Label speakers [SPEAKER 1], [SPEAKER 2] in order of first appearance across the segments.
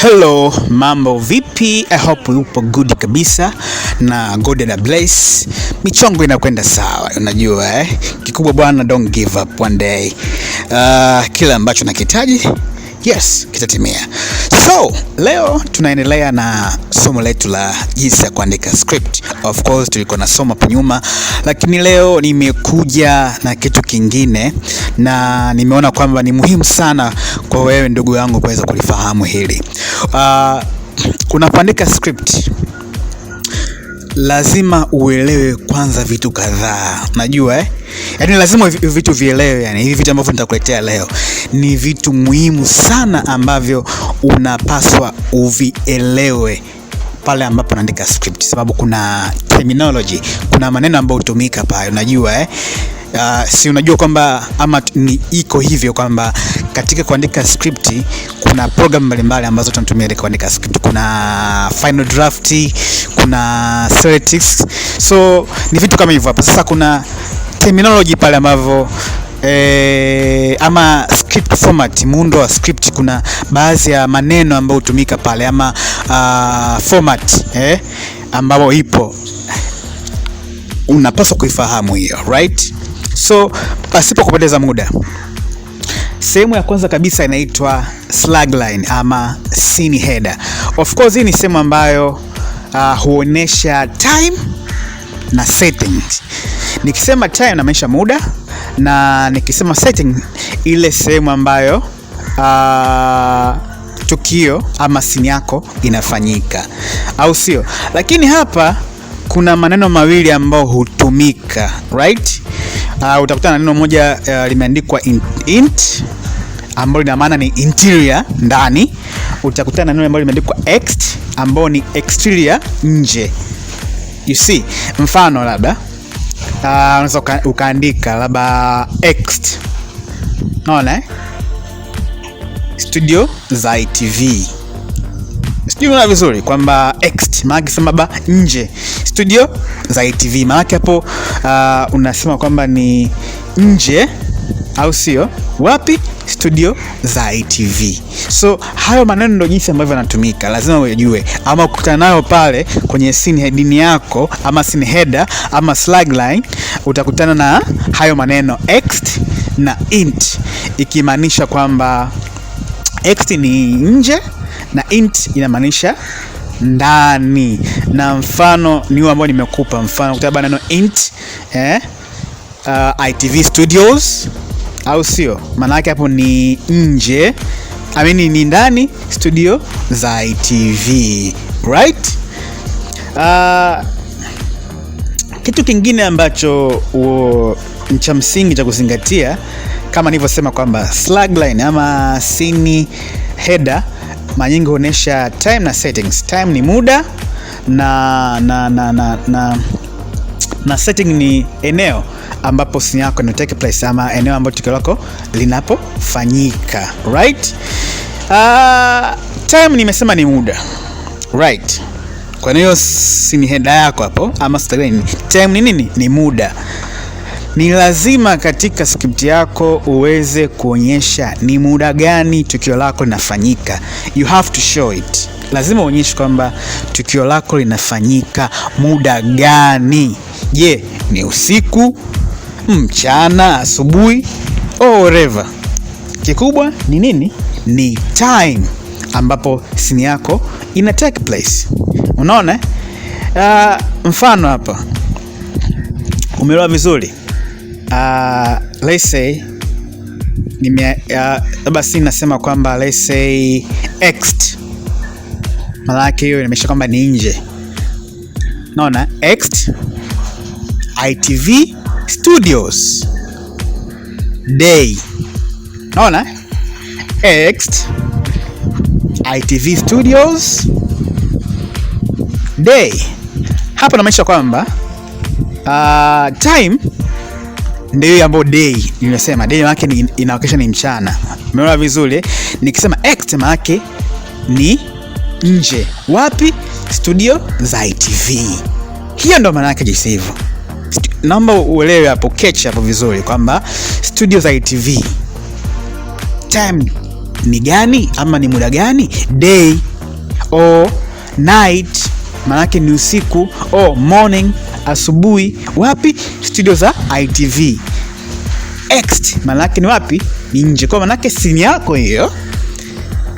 [SPEAKER 1] Hello, mambo vipi? I hope upo good kabisa na God and bless. Michongo inakwenda sawa, unajua eh? Kikubwa bwana, don't give up one day. Uh, ah, kila ambacho nakitaji Yes, kitatimia. So, leo tunaendelea na somo letu la jinsi ya kuandika script. Of course tulikuwa na somo hapo nyuma, lakini leo nimekuja na kitu kingine na nimeona kwamba ni muhimu sana kwa wewe ndugu yangu kuweza kulifahamu hili. Uh, ah, kuandika script lazima uelewe kwanza vitu kadhaa. Najua eh? Yaani lazima vitu vielewe, yani hivi vitu ambavyo nitakuletea leo ni vitu muhimu sana ambavyo unapaswa uvielewe pale ambapo naandika script, sababu kuna terminology, kuna maneno ambayo hutumika pale, unajua eh? Uh, si unajua kwamba ama ni iko hivyo kwamba katika kuandika script kuna program mbalimbali ambazo tunatumia ili kuandika script. Kuna Final Draft, kuna Celtics, so ni vitu kama hivyo hapo. Sasa kuna terminology pale ambavyo E, ama script format, muundo wa script, kuna baadhi ya maneno ambayo hutumika pale ama uh, format eh, ambayo ipo unapaswa kuifahamu hiyo right. So pasipo kupoteza muda, sehemu ya kwanza kabisa inaitwa slug line ama scene header. Of course hii ni sehemu ambayo uh, huonesha time na setting. Nikisema time namaanisha muda na nikisema setting ile sehemu ambayo uh, tukio ama sini yako inafanyika, au sio? Lakini hapa kuna maneno mawili ambayo hutumika right uh, utakutana na neno moja uh, limeandikwa int, int ambalo lina maana ni interior ndani. Utakutana na neno ambalo limeandikwa ext ambao ni exterior nje. You see, mfano labda uh, unaweza uka, ukaandika labda ext naona eh? Studio za ITV sijui unaona vizuri kwamba ext maana ba nje studio za ITV maana hapo uh, unasema kwamba ni nje au sio? Wapi? Studio za ITV. So hayo maneno ndio jinsi ambavyo yanatumika, lazima uyajue, ama ukutana nayo pale kwenye scene yako ama scene header ama slagline, utakutana na hayo maneno ext na int, ikimaanisha kwamba ext ni nje na int inamaanisha ndani, na mfano ni huo ambao nimekupa. Mfano kutaba neno int eh, uh, ITV Studios au sio? Maana yake hapo ni nje, I mean ni ndani studio za ITV right. Uh, kitu kingine ambacho cha msingi cha kuzingatia kama nilivyosema kwamba slug ama sini header mara nyingi huonesha time na settings. Time ni muda na, na, na, na, na, na setting ni eneo ambapo sini yako ina take place ama eneo ambapo tukio lako linapofanyika right. Uh, time nimesema ni muda right. Kwa hiyo sini heda yako hapo ama stagram. Time ni nini? Ni muda. Ni lazima katika skripti yako uweze kuonyesha ni muda gani tukio lako linafanyika. You have to show it. Lazima uonyeshe kwamba tukio lako linafanyika muda gani. Je, ni usiku, mchana, asubuhi or whatever. Kikubwa ni nini? Ni time ambapo sini yako ina take place. Unaona? Uh, mfano hapa umeelewa vizuri. Ah, let's say ah, labda uh, si nasema kwamba let's say ext, maana yake hiyo inamesha kwamba ni nje, naona ext ITV Studios day, naona ext ITV Studios day. Hapa namaisha kwamba uh, time ndio ambayo day nimesema day yake inawakisha ni mchana. Umeona vizuri, nikisema ex maana ni nje. Wapi? Studio za ITV. Hiyo ndo maana yake, jinsi hivyo. Naomba uelewe hapo, catch hapo vizuri kwamba studio za ITV time ni gani ama ni muda gani? Day or night maanake ni usiku or morning asubuhi, wapi? Studio za ITV ext Manake ni wapi? Ni nje. Kwa manake sini yako hiyo,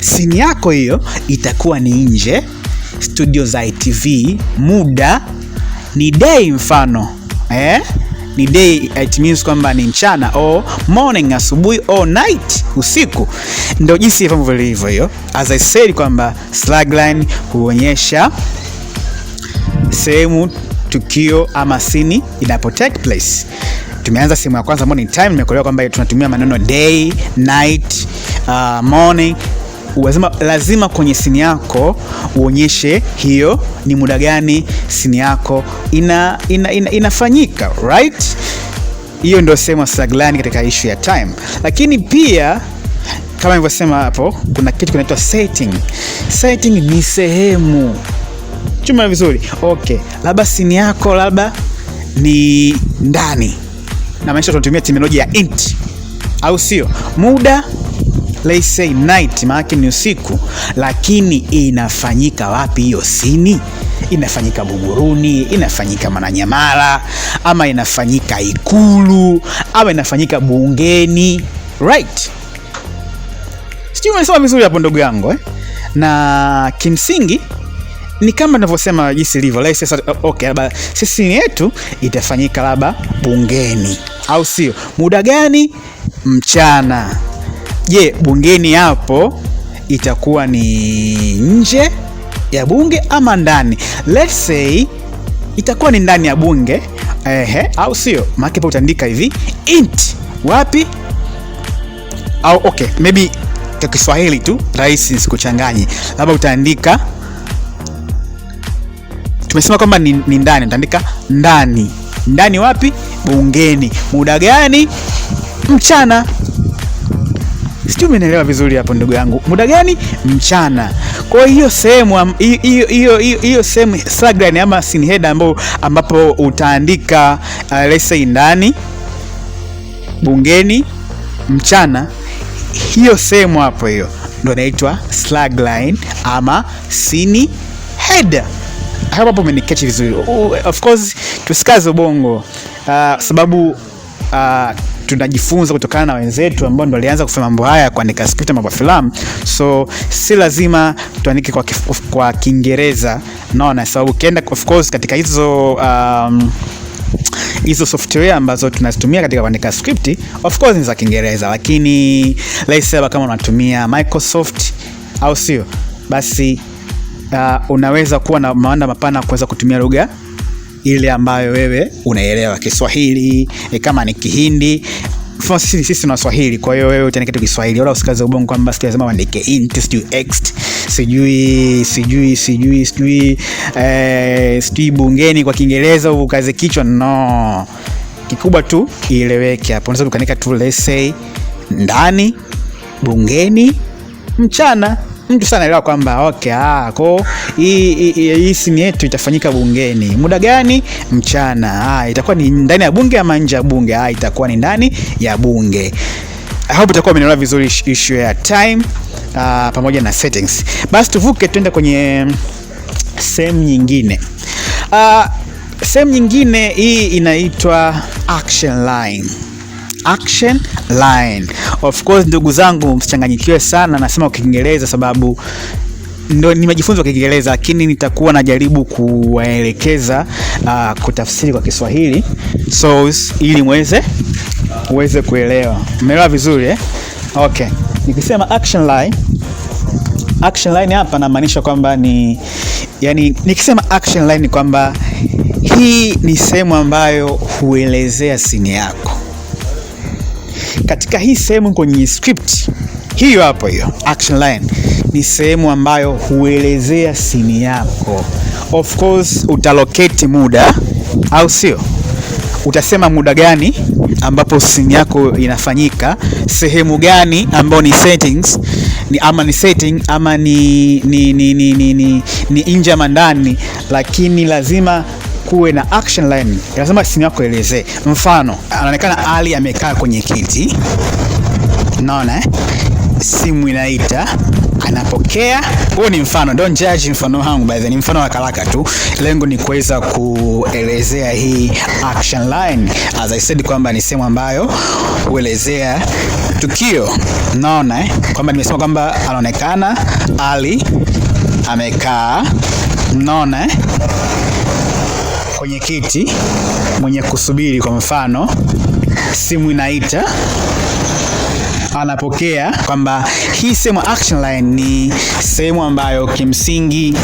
[SPEAKER 1] sini yako hiyo itakuwa ni nje studio za ITV. Muda ni day, mfano eh? ni day, it means kwamba ni mchana o morning, asubuhi o night, usiku. Ndio jinsi hivyo vilivyo hiyo, as I said kwamba slagline huonyesha sehemu tukio ama sini inapo take place. Tumeanza sehemu ya kwanza morning time, nimekolewa kwamba tunatumia maneno day, night, uh, morning Uwazima, lazima kwenye sini yako uonyeshe hiyo ni muda gani sini yako ina, ina, ina, inafanyika right. Hiyo ndio sehemu saglani katika issue ya time, lakini pia kama nilivyosema hapo, kuna kitu kinaitwa setting. Setting ni sehemu chuma vizuri okay. Labda sini yako labda ni ndani, na maisha tunatumia terminology ya int, au sio? Muda let's say night, maana ni usiku, lakini inafanyika wapi hiyo sini? Inafanyika Buguruni, inafanyika mananyamara ama inafanyika Ikulu, ama inafanyika bungeni, right? Sijui umesoma vizuri hapo ndugu yangu eh? Na kimsingi ni kama ninavyosema jinsi ilivyo rais sasa. Okay, labda sisi yetu itafanyika labda bungeni, au sio? Muda gani? Mchana. Je, bungeni hapo itakuwa ni nje ya bunge ama ndani? Let's say itakuwa ni ndani ya bunge, ehe, au sio? makepa utaandika hivi int wapi au okay, maybe kwa Kiswahili tu rais, sikuchanganyi labda utaandika tumesema kwamba ni, ni ndani, nitaandika ndani. Ndani wapi? Bungeni. Muda gani? Mchana. Sijui umenielewa vizuri hapo ndugu yangu. Muda gani? Mchana. Kwa hiyo sehemu hiyo hiyo hiyo sehemu sagrani ama scene header ambapo ambapo utaandika uh, let's say ndani bungeni mchana, hiyo sehemu hapo, hiyo ndio inaitwa slagline ama scene header hapo umenikechi vizuri. Of course tusikaze ubongo uh, sababu uh, tunajifunza kutokana na wenzetu ambao ndo walianza kufanya mambo haya, kuandika script mambo filamu, so si lazima tuandike kwa kwa Kiingereza, naona sababu ukienda of course katika hizo um, hizo software ambazo tunazitumia katika kuandika script of course ni za Kiingereza, lakini let's say kama unatumia Microsoft au sio, basi uh, unaweza kuwa na maana mapana kuweza kutumia lugha ile ambayo wewe unaelewa Kiswahili e, kama ni Kihindi mfano sisi sisi na Swahili, kwa hiyo wewe utaandika Kiswahili, wala usikaze ubongo kwamba sijui lazima uandike int sijui ext sijui sijui sijui sijui eh, sijui bungeni kwa Kiingereza ukaze kichwa. No, kikubwa tu ieleweke. Hapo unaweza kuandika tu let's say ndani, bungeni, mchana mtu sana elewa kwamba okay, ah, ko hii simu yetu itafanyika bungeni muda gani? Mchana. Ah, itakuwa ni ndani ya bunge ama nje ya bunge? Ah, itakuwa ni ndani ya bunge. I hope itakuwa amenielewa vizuri issue ya time uh, pamoja na settings. Basi tuvuke tuende kwenye mm, sehemu nyingine ah, sehemu nyingine hii inaitwa action line action line. Of course, ndugu zangu, msichanganyikiwe sana, nasema kwa Kiingereza sababu ndo nimejifunza Kiingereza, lakini nitakuwa najaribu kuwaelekeza uh, kutafsiri kwa Kiswahili so ili mweze uweze kuelewa. Umeelewa vizuri eh? Okay, nikisema action line, action line hapa namaanisha kwamba ni yani, nikisema action line ni kwamba hii ni sehemu ambayo huelezea sini yako katika hii sehemu kwenye script hiyo hapo, hiyo action line ni sehemu ambayo huelezea sini yako. Of course utaloketi muda, au sio? Utasema muda gani ambapo sini yako inafanyika, sehemu gani ambayo ni settings ni ama ni setting ama ni, ni, ni, ni, ni, ni, ni nje ama ndani, lakini lazima kuwe na action line. Lazima simu yako ielezee. Mfano, anaonekana Ali amekaa kwenye kiti, naona Simu inaita anapokea. Huo ni mfano, don't judge mfano wangu by the ni mfano wa karaka tu. Lengo ni kuweza kuelezea hii action line, as I said kwamba ni sehemu ambayo huelezea tukio. Naona eh, kwamba nimesema kwamba anaonekana Ali amekaa, naona eh kwenye kiti mwenye kusubiri, kwa mfano simu inaita anapokea kwamba hii sehemu action line ni sehemu ambayo kimsingi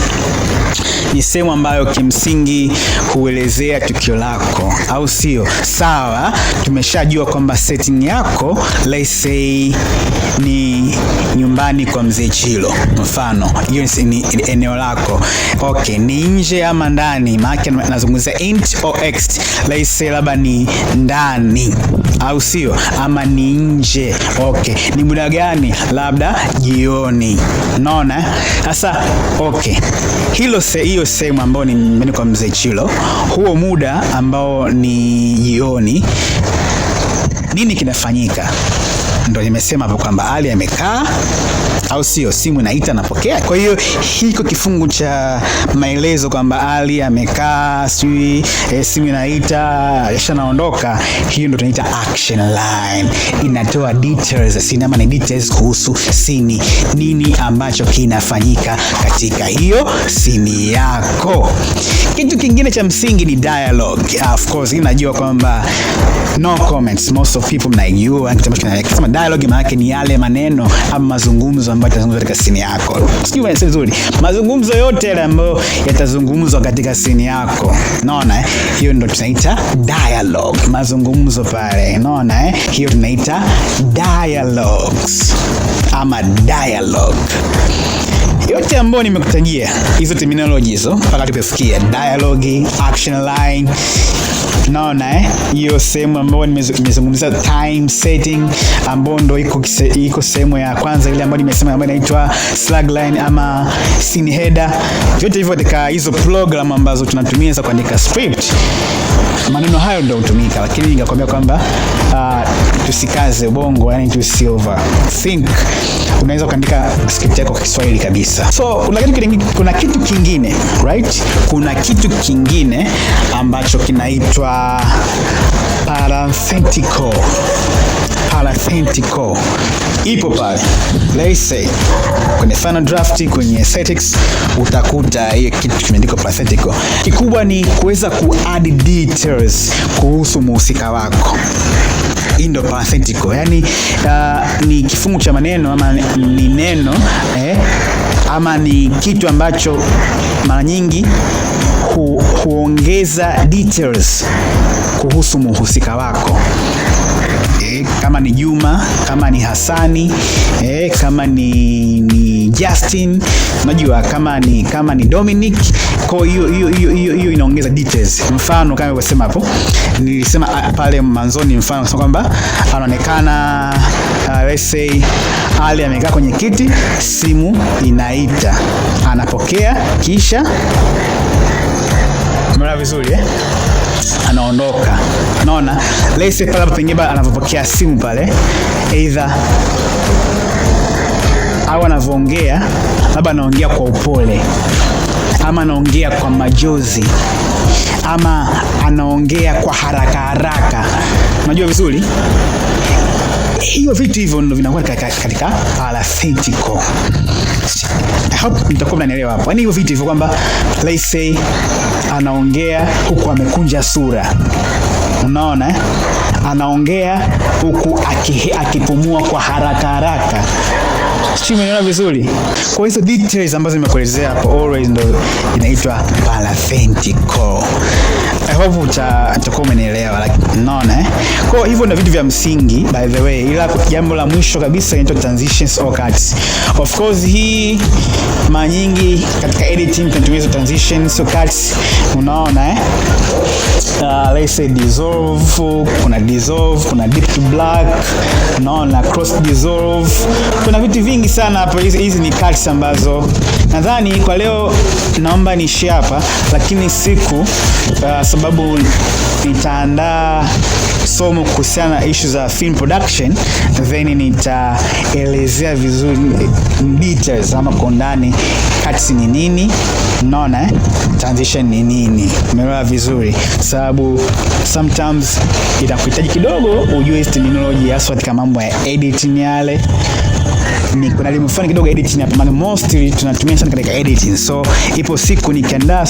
[SPEAKER 1] ni sehemu ambayo kimsingi huelezea tukio lako, au sio? Sawa, tumeshajua kwamba setting yako let's say ni nyumbani kwa mzee Chilo, mfano hiyo ni eneo lako. Okay, ni nje ama ndani? Maana nazungumzia int or ext, let's say labda ni ndani au sio? Ama ni nje. Okay, ni muda gani? Labda jioni. Naona sasa. Okay, hilo se, hiyo sehemu ambayo ni kwa mzee Chilo, huo muda ambao ni jioni, nini kinafanyika? ndo nimesema hapo kwamba Ali amekaa, au sio? Simu inaita, napokea. Kwa hiyo hiko kifungu cha maelezo kwamba Ali amekaa, sijui e, simu inaita, shanaondoka, hiyo ndo tunaita action line. Inatoa details, sinema ni details kuhusu sini, nini ambacho kinafanyika katika hiyo sini yako. Kitu kingine cha msingi ni dialogue. Of course, inajua kwamba no comments, most of people mnaijua kitu ambacho kinasema dialogue maana yake ni yale maneno ama mazungumzo ambayo yatazungumzwa katika sini yako. Sijui bwana vizuri. Mazungumzo yote yale ambayo yatazungumzwa katika sini yako. Unaona eh? Hiyo ndio tunaita dialogue. Mazungumzo pale. Unaona eh? Hiyo tunaita dialogues ama dialogue yote ambayo nimekutajia hizo terminology hizo oh, mpaka tukafikia dialogue, action line naona eh? hiyo eh, sehemu ambayo nimezungumzia time setting ambayo ndo iko iko sehemu ya kwanza ile ambayo nimesema ambayo inaitwa slug line ama scene header. Vyote hivyo katika hizo program ambazo tunatumia za kuandika script, maneno hayo ndio hutumika, lakini ningekwambia kwamba uh, tusikaze ubongo, yani tu silver think, unaweza ukaandika script yako kwa Kiswahili kabisa. So una kitu kuna kitu kingine right, kuna kitu kingine ambacho kinaitwa parenthetical. Parenthetical ipo pale, let's say kwenye final draft, kwenye aesthetics utakuta hiyo kitu kimeandikwa parenthetical. Kikubwa ni kuweza kuadd details kuhusu muhusika wako. Indo-Pacifico. Yani uh, ni kifungu cha maneno ama ni neno eh, ama ni kitu ambacho mara nyingi hu, huongeza details kuhusu muhusika wako kama ni Juma, kama ni Hasani eh, kama ni, ni Justin, unajua kama ni, kama ni Dominic. Kwa hiyo hiyo hiyo hiyo inaongeza details. Mfano kama nilivyosema hapo, nilisema ah, ah, pale mwanzoni, mfano kusema kwamba anaonekana uh, let's say Ali amekaa kwenye kiti, simu inaita, anapokea kisha mara vizuri eh, anaondoka unaona, lese say pale pengine anapopokea simu pale, either au anavyoongea, labda anaongea kwa upole ama anaongea kwa majozi ama anaongea kwa haraka haraka, unajua vizuri hiyo vitu hivyo ndio vinakuwa katika alphabetical. mtakuwa mnanielewa hapo. Yaani hiyo vitu hivyo kwamba let's anaongea huku amekunja sura Unaona eh? Anaongea huku akipumua kwa haraka haraka. Umeniona vizuri? Kwa hizo details ambazo nimekuelezea hapo, always ndo inaitwa paraventricle. I hope utakuwa umenielewa like, naona eh. Kwa hivyo ndio vitu vya msingi by the way, ila jambo la mwisho kabisa inaitwa transitions or cuts. Of course hii mara nyingi katika editing tunatumia hizo transitions or cuts, unaona eh. Uh, let's say dissolve, kuna dissolve, kuna deep to black, unaona cross dissolve, kuna vitu vingi nyingi sana hapo. Hizi ni cards ambazo nadhani kwa leo naomba niishie hapa, lakini siku uh, sababu nitaandaa somo kuhusiana na issue za film production, then nitaelezea vizuri details ama kwa undani cards ni nini, unaona transition ni nini. Umeelewa vizuri, sababu sometimes itakuhitaji kidogo ujue terminology, hasa katika mambo ya editing yale ni kuna elimu fulani kidogo editing hapa, maana mostly tunatumia sana katika editing. So ipo siku nikiandaa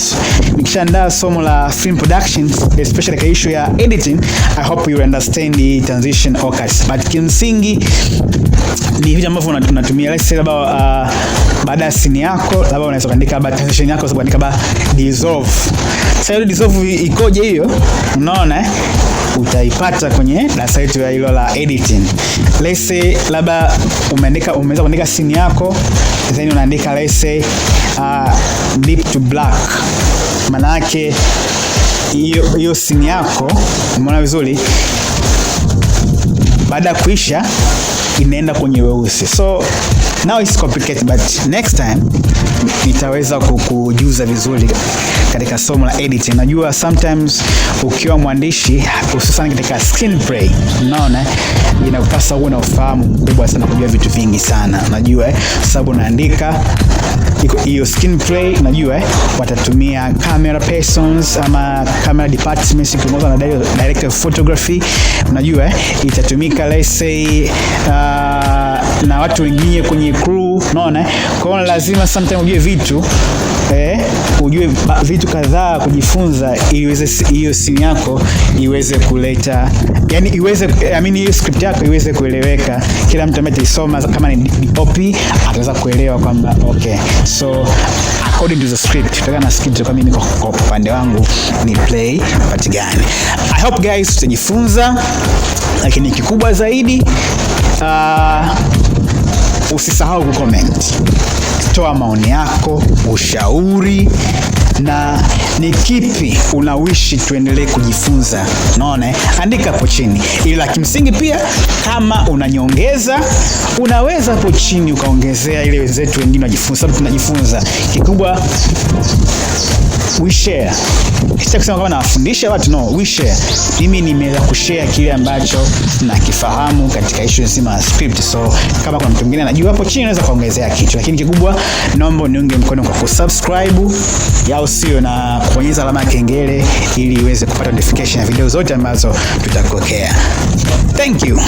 [SPEAKER 1] nikishaandaa somo la film production especially katika issue ya editing, I hope you understand the transition or cuts, but kimsingi ni vitu ambavyo tunatumia let's say about uh, baada ya sini yako, labda unaweza kuandika labda transition yako, unaweza kuandika dissolve. Sasa hiyo dissolve ikoje hiyo? Unaona eh? Utaipata kwenye darasa letu ya hilo la editing. Let's say labda umeandika umeweza kuandika sini yako, then unaandika let's say uh, deep to black. Maana yake hiyo hiyo sini yako, umeona vizuri baada ya kuisha inaenda kwenye weusi. So now it's complicated but next time nitaweza kukujuza vizuri katika somo la editing. Najua sometimes ukiwa mwandishi hususan katika skin play unaona inakupasa uwe na ufahamu mkubwa sana kujua vitu vingi sana, najua eh, sababu unaandika hiyo skin play najua eh, watatumia camera persons ama camera departments ikiongozwa na director of photography, unajua eh, itatumika let's say uh, na, watu wengine kwenye crew, unaona. Kwa hiyo lazima sometimes ujue vitu eh, ujue vitu kadhaa kujifunza, ili iweze hiyo simu yako iweze kuleta yani, iweze eh, I mean, hiyo script yako iweze kueleweka, kila mtu ambaye ataisoma, kama ni DOP ataweza kuelewa kwamba okay, so according to the script, tutaka na script kwa mimi, kwa upande wangu ni play part gani. I hope guys, tutajifunza, lakini kikubwa zaidi uh, usisahau kucomment, toa maoni yako, ushauri na ni kipi unawishi tuendelee kujifunza. Unaona, andika hapo chini, ila kimsingi pia kama unanyongeza, unaweza hapo chini ukaongezea ili wenzetu wengine wajifunza, sababu tunajifunza kikubwa we share. kusema kama nawafundisha watu, no, we share. Mimi nimeweza kushare kile ambacho nakifahamu katika issue nzima ya script, so kama kuna mtu mwingine anajua hapo chini anaweza kuongezea kitu, lakini kikubwa, naomba niunge mkono kwa kusubscribe, au sio, na kubonyeza alama ya kengele ili iweze kupata notification ya video zote ambazo tutakokea Thank you.